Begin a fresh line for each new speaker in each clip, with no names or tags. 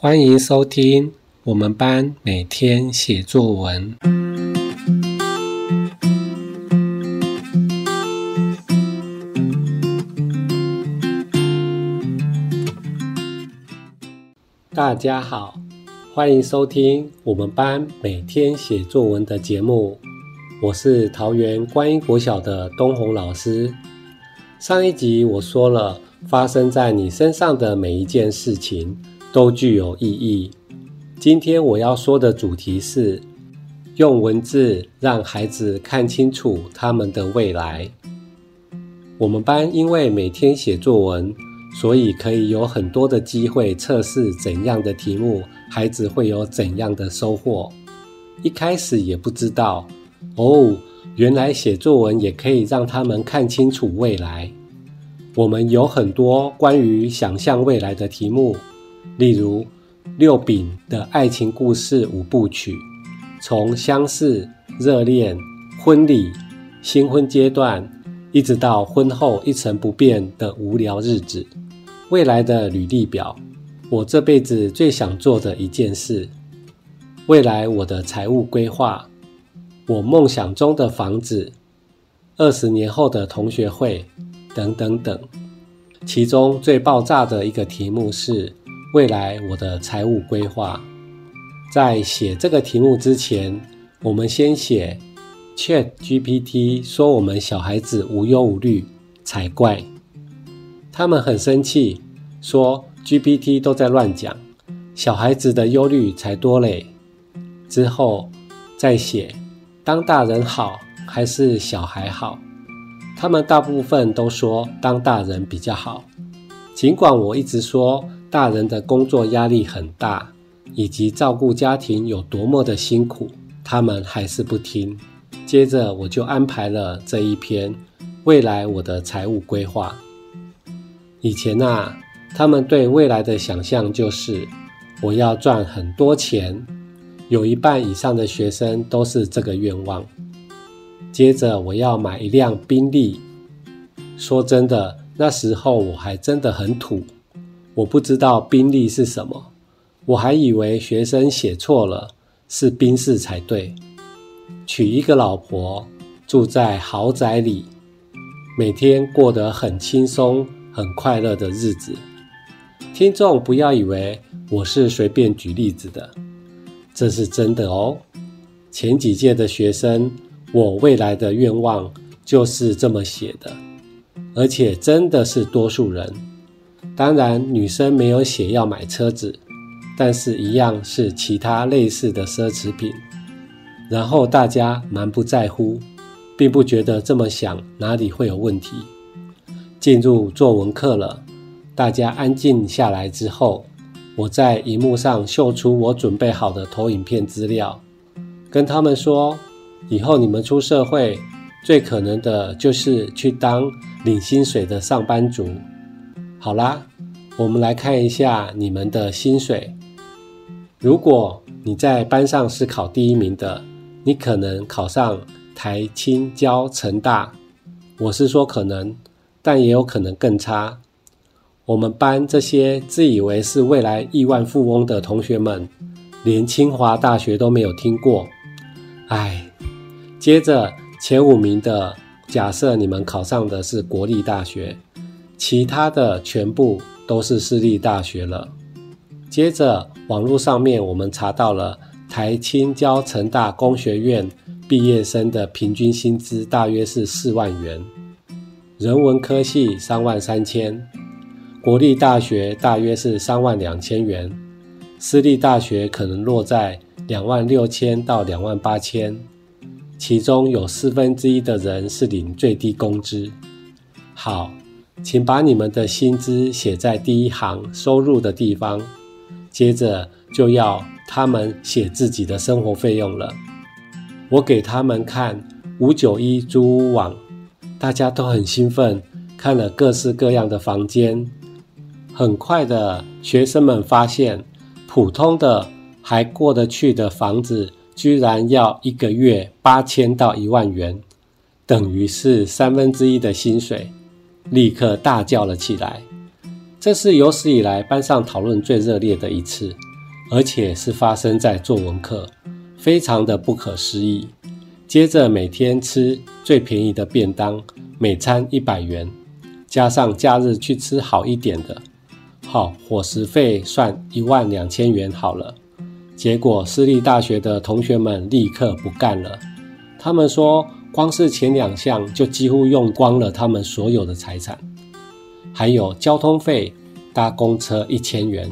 歡迎收聽我們班每天寫作文。大家好，歡迎收聽我們班每天寫作文的節目。我是桃園觀音國小的東紅老師。上一集我說了發生在你身上的每一件事情，都具有意義。今天我要說的主題是，用文字讓孩子看清楚他們的未來。我們班因為每天寫作文，所以可以有很多的機會測試怎樣的題目，孩子會有怎樣的收穫。一開始也不知道哦，原來寫作文也可以讓他們看清楚未來。我們有很多關於想象未來的題目。例如，六丙的愛情故事五部曲，從相識、熱戀、婚禮、新婚階段，一直到婚後一成不變的無聊日子。未來的履歷表，我這輩子最想做的一件事，未來我的財務規劃，我夢想中的房子，二十年後的同學會，等等等。其中最爆炸的一個題目是，未來我的財務規劃，在寫這個題目之前，我們先寫 ChatGPT 說我們小孩子無憂無慮，才怪，他們很生氣，說 GPT 都在亂講，小孩子的憂慮才多嘞。之後再寫當大人好還是小孩好，他們大部分都說當大人比較好，儘管我一直說。大人的工作壓力很大，以及照顧家庭有多麼的辛苦，他們還是不聽。接着我就安排了這一篇未來我的財務規劃。以前啊，他們對未來的想象就是我要賺很多錢，有一半以上的學生都是這個願望。接着我要買一輛賓利。說真的，那時候我還真的很土。我不知道賓利是什麼，我還以為學生寫錯了，是賓士才對。娶一個老婆，住在豪宅裡，每天過得很輕鬆、很快樂的日子。聽眾不要以為我是隨便舉例子的，這是真的哦。前幾屆的學生，我未來的願望就是這麼寫的，而且真的是多數人。當然，女生沒有寫要買車子，但是一樣是其他類似的奢侈品。然後大家蠻不在乎，並不覺得這麼想哪裡會有問題。進入作文課了，大家安靜下來之後，我在螢幕上秀出我準備好的投影片資料，跟他們說：以後你們出社會，最可能的就是去當領薪水的上班族。好啦，我們來看一下你們的薪水。如果你在班上是考第一名的，你可能考上台清交成大，我是說可能，但也有可能更差。我們班這些自以為是未來億萬富翁的同學們，連清華大學都沒有聽過。唉，接着前五名的，假設你們考上的是國立大學。其他的全部都是私立大學了。接着網絡上面我們查到了台清交成大工學院畢業生的平均薪資大約是四萬元，人文科系三萬三千，國立大學大約是三萬兩千元，私立大學可能落在兩萬六千到兩萬八千，其中有四分之一的人是領最低工資。好。請把你們的薪資寫在第一行收入的地方，接着就要他們寫自己的生活費用了。我給他們看591租屋網，大家都很興奮，看了各式各樣的房間。很快的學生們發現，普通的還過得去的房子，居然要一個月八千到一萬元，等於是三分之一的薪水。立刻大叫了起來，這是有史以來班上討論最熱烈的一次，而且是發生在作文課，非常的不可思議。接着每天吃最便宜的便當，每餐一百元，加上假日去吃好一點的，好，伙食費算一萬兩千元好了。結果私立大學的同學們立刻不幹了，他們說。光是前兩項就幾乎用光了他們所有的財產，還有交通費，搭公車一千元，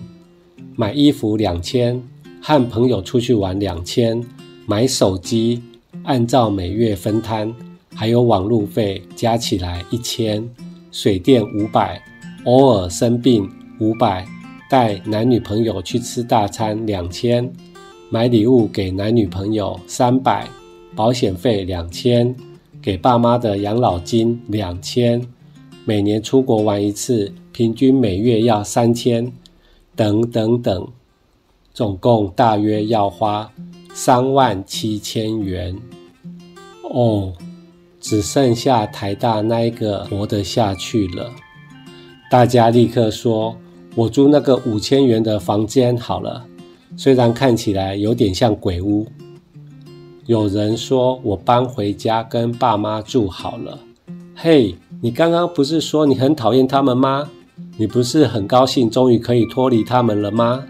買衣服兩千，和朋友出去玩兩千，買手機，按照每月分攤，還有網路費加起來一千，水電五百，偶爾生病五百，帶男女朋友去吃大餐兩千，買禮物給男女朋友三百。保險費兩千，給爸媽的養老金兩千，每年出國玩一次，平均每月要三千，等等等，總共大約要花三萬七千元。哦，只剩下台大那一個活得下去了。大家立刻說：“我住那個五千元的房間好了，雖然看起來有點像鬼屋。”有人說，我搬回家跟爸媽住好了。嘿，你剛剛不是說你很討厭他們嗎？你不是很高興終於可以脫離他們了嗎？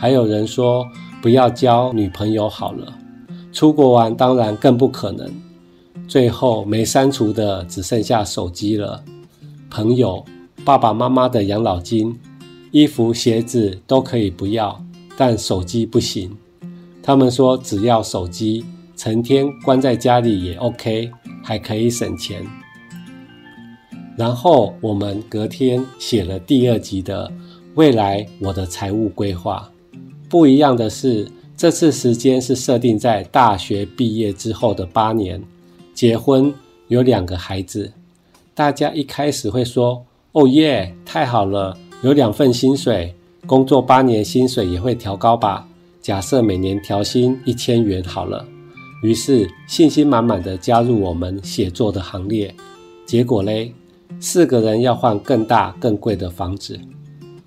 還有人說不要交女朋友好了，出國玩當然更不可能。最後沒刪除的只剩下手機了。朋友、爸爸媽媽的養老金、衣服、鞋子都可以不要，但手機不行。他們說，只要手機成天關在家裡也 OK，還可以省錢。然後我們隔天寫了第二集的未來我的財務規劃。不一樣的是，這次時間是設定在大學畢業之後的八年，結婚有兩個孩子。大家一開始會說：“哦耶，太好了，有兩份薪水，工作八年薪水也會調高吧？”假設每年調薪一千元好了，於是信心滿滿地加入我們寫作的行列。結果嘞，四個人要換更大更貴的房子，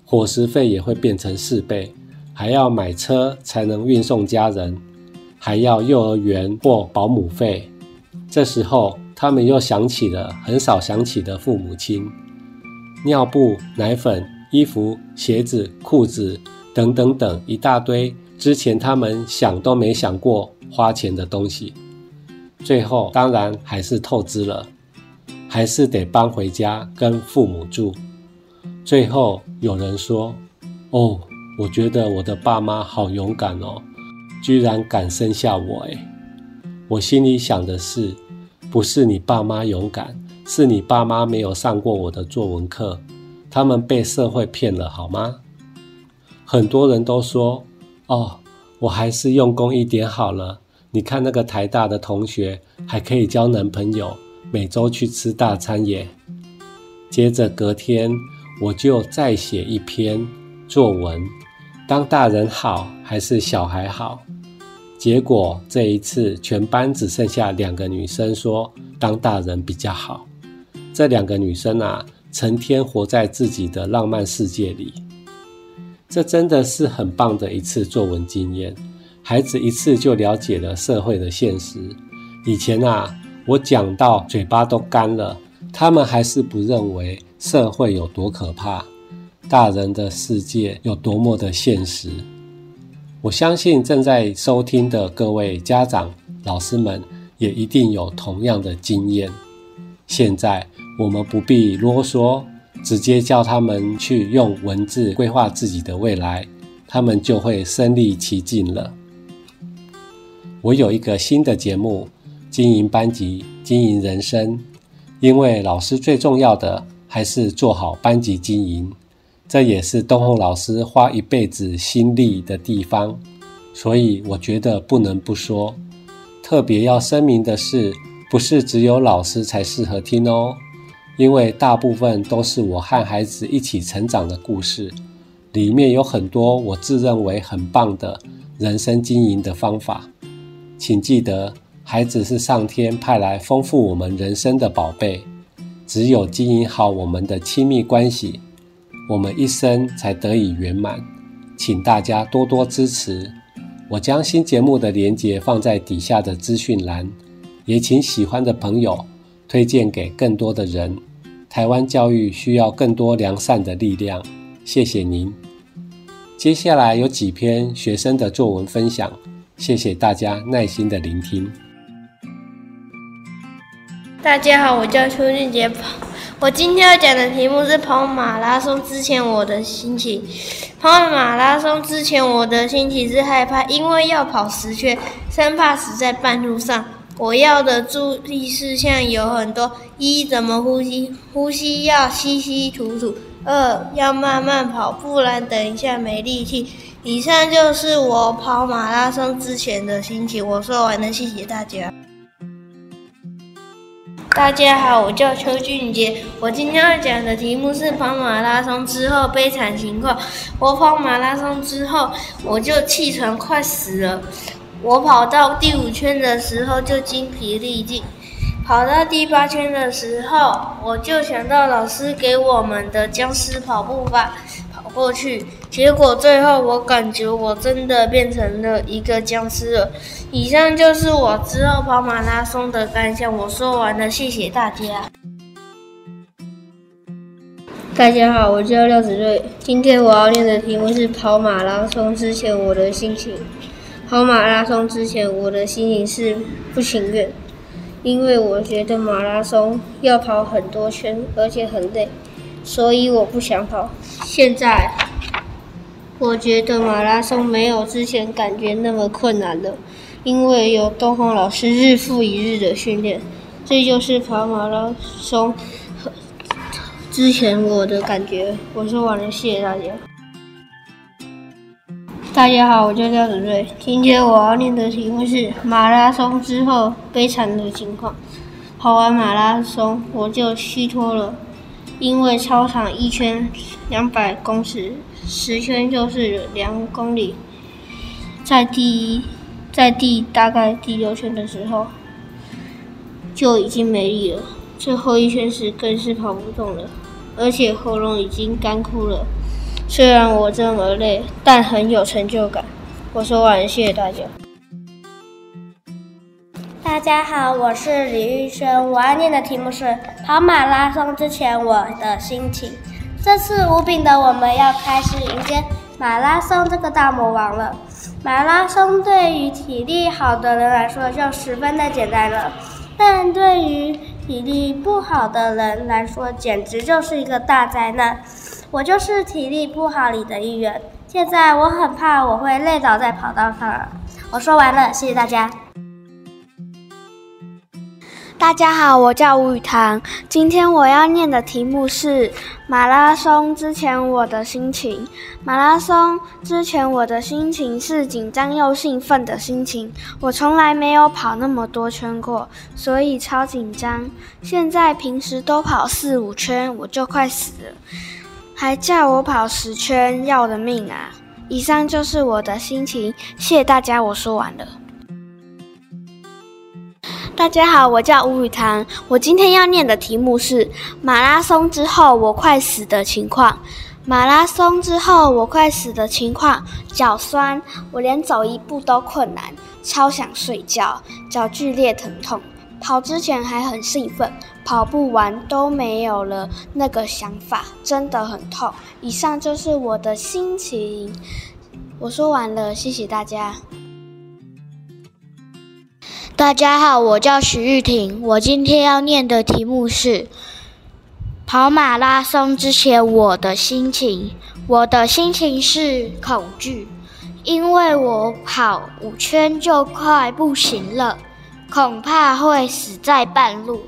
伙食費也會變成四倍，還要買車才能運送家人，還要幼兒園或保姆費。這時候他們又想起了很少想起的父母親，尿布、奶粉、衣服、鞋子、褲子等等等一大堆。之前他們想都沒想過花錢的東西，最後當然還是透支了，還是得搬回家跟父母住。最後有人說：“哦，我覺得我的爸媽好勇敢哦，居然敢生下我誒。”誒，我心裡想的是，不是你爸媽勇敢，是你爸媽沒有上過我的作文課，他們被社會騙了好嗎？很多人都說，哦，我還是用功一點好了。你看那個台大的同學還可以交男朋友，每周去吃大餐耶。接着隔天我就再寫一篇作文，當大人好還是小孩好？結果這一次全班只剩下兩個女生說當大人比較好。這兩個女生啊，成天活在自己的浪漫世界裡。這真的是很棒的一次作文經驗，孩子一次就了解了社會的現實。以前啊，我講到嘴巴都乾了，他們還是不認為社會有多可怕，大人的世界有多麼的現實。我相信正在收聽的各位家長、老師們也一定有同樣的經驗。現在我們不必囉嗦，直接叫他們去用文字規劃自己的未來，他們就會身歷其境了。我有一個新的節目，經營班級，經營人生。因為老師最重要的還是做好班級經營，這也是東紅老師花一輩子心力的地方，所以我覺得不能不說。特別要聲明的是，不是只有老師才適合聽哦。因為大部分都是我和孩子一起成長的故事，裡面有很多我自認為很棒的人生經營的方法。請記得，孩子是上天派來豐富我們人生的寶貝。只有經營好我們的親密關係，我們一生才得以圓滿。請大家多多支持，我將新節目的連結放在底下的資訊欄，也請喜歡的朋友。推薦給更多的人，台灣教育需要更多良善的力量。謝謝您。接下來有幾篇學生的作文分享，謝謝大家耐心的聆聽。
大家好，我叫邱俊傑，我今天要講的題目是跑馬拉松之前我的心情。跑馬拉松之前我的心情是害怕，因為要跑十圈，生怕死在半路上。我要的注意事項有很多：一、怎麼呼吸，呼吸要吸吸吐吐；二、要慢慢跑，不然等一下沒力氣。以上就是我跑馬拉松之前的心情。我說完了，謝謝大家。大家好，我叫邱俊杰，我今天要講的題目是跑馬拉松之後悲慘情況。我跑馬拉松之後，我就氣喘，快死了。我跑到第五圈的時候就精疲力盡，跑到第八圈的時候，我就想到老師給我們的僵屍跑步法跑過去，結果最後我感覺我真的變成了一個僵屍了。以上就是我之後跑馬拉松的感想。我說完了，謝謝大家。大家好，我叫廖子睿，今天我要念的題目是跑馬拉松之前我的心情。跑馬拉松之前，我的心情是不情願，因為我覺得馬拉松要跑很多圈，而且很累，所以我不想跑。現在，我覺得馬拉松沒有之前感覺那麼困難了，因為有東方老師日復一日的訓練。這就是跑馬拉松之前我的感覺。我說完了，謝謝大家。大家好，我叫廖子睿。今天我要念的題目是馬拉松之後悲慘的情況。跑完馬拉松，我就虛脫了，因為操場一圈兩百公尺，十圈就是兩公里。在第一，在第大概第六圈的時候，就已經沒力了。最後一圈時更是跑不動了，而且喉嚨已經乾枯了。雖然我這麼累，但很有成就感。我說完，謝謝大家。大家好，我是李玉軒，我要念的題目是《跑馬拉松之前我的心情》。這次五餅的我們要開始迎接馬拉松這個大魔王了。馬拉松對於體力好的人來說就十分的簡單了，但對於體力不好的人來說，簡直就是一個大災難。我就是體力不好裡的一員。現在我很怕我會累倒在跑道上了。我說完了，謝謝大家。
大家好，我叫吳雨棠。今天我要念的題目是馬拉松之前我的心情。馬拉松之前我的心情是緊張又興奮的心情。我從來沒有跑那麼多圈過，所以超緊張。現在平時都跑四五圈，我就快死了。還叫我跑十圈，要我的命啊！以上就是我的心情，謝謝大家，我說完了。大家好，我叫吳雨堂，我今天要念的題目是馬拉松之後我快死的情況。馬拉松之後我快死的情況，腳酸，我連走一步都困難，超想睡覺，腳劇烈疼痛。跑之前還很興奮，跑不完都沒有了那個想法，真的很痛。以上就是我的心情，我說完了，謝謝大家。大家好，我叫徐玉婷，我今天要念的題目是《跑馬拉松之前我的心情》，我的心情是恐懼，因為我跑五圈就快不行了。恐怕會死在半路，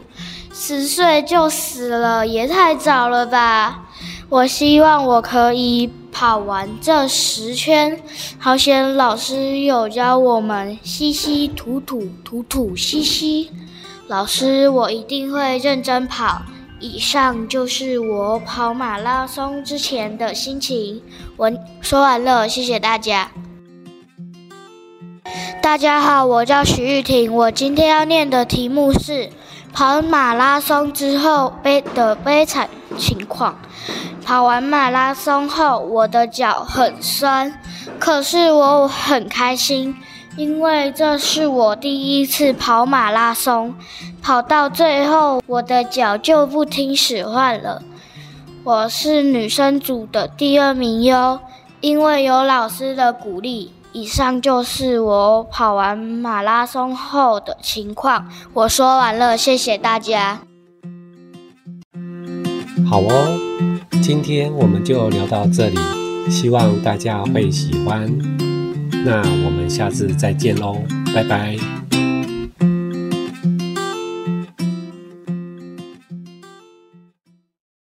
十歲就死了也太早了吧！我希望我可以跑完這十圈。好險，老師有教我們吸吸吐吐吐吐吸吸。老師，我一定會認真跑。以上就是我跑馬拉松之前的心情。我說完了，謝謝大家。大家好，我叫徐玉婷。我今天要念的題目是《跑馬拉松之後悲的悲慘情況》。跑完馬拉松後，我的腳很酸，可是我很開心，因為這是我第一次跑馬拉松。跑到最後，我的腳就不聽使喚了。我是女生組的第二名喲，因為有老師的鼓勵。以上就是我跑完馬拉松後的情況。我說完了，謝謝大家。
好哦，今天我們就聊到這裡，希望大家會喜歡。那我們下次再見嘍，拜拜。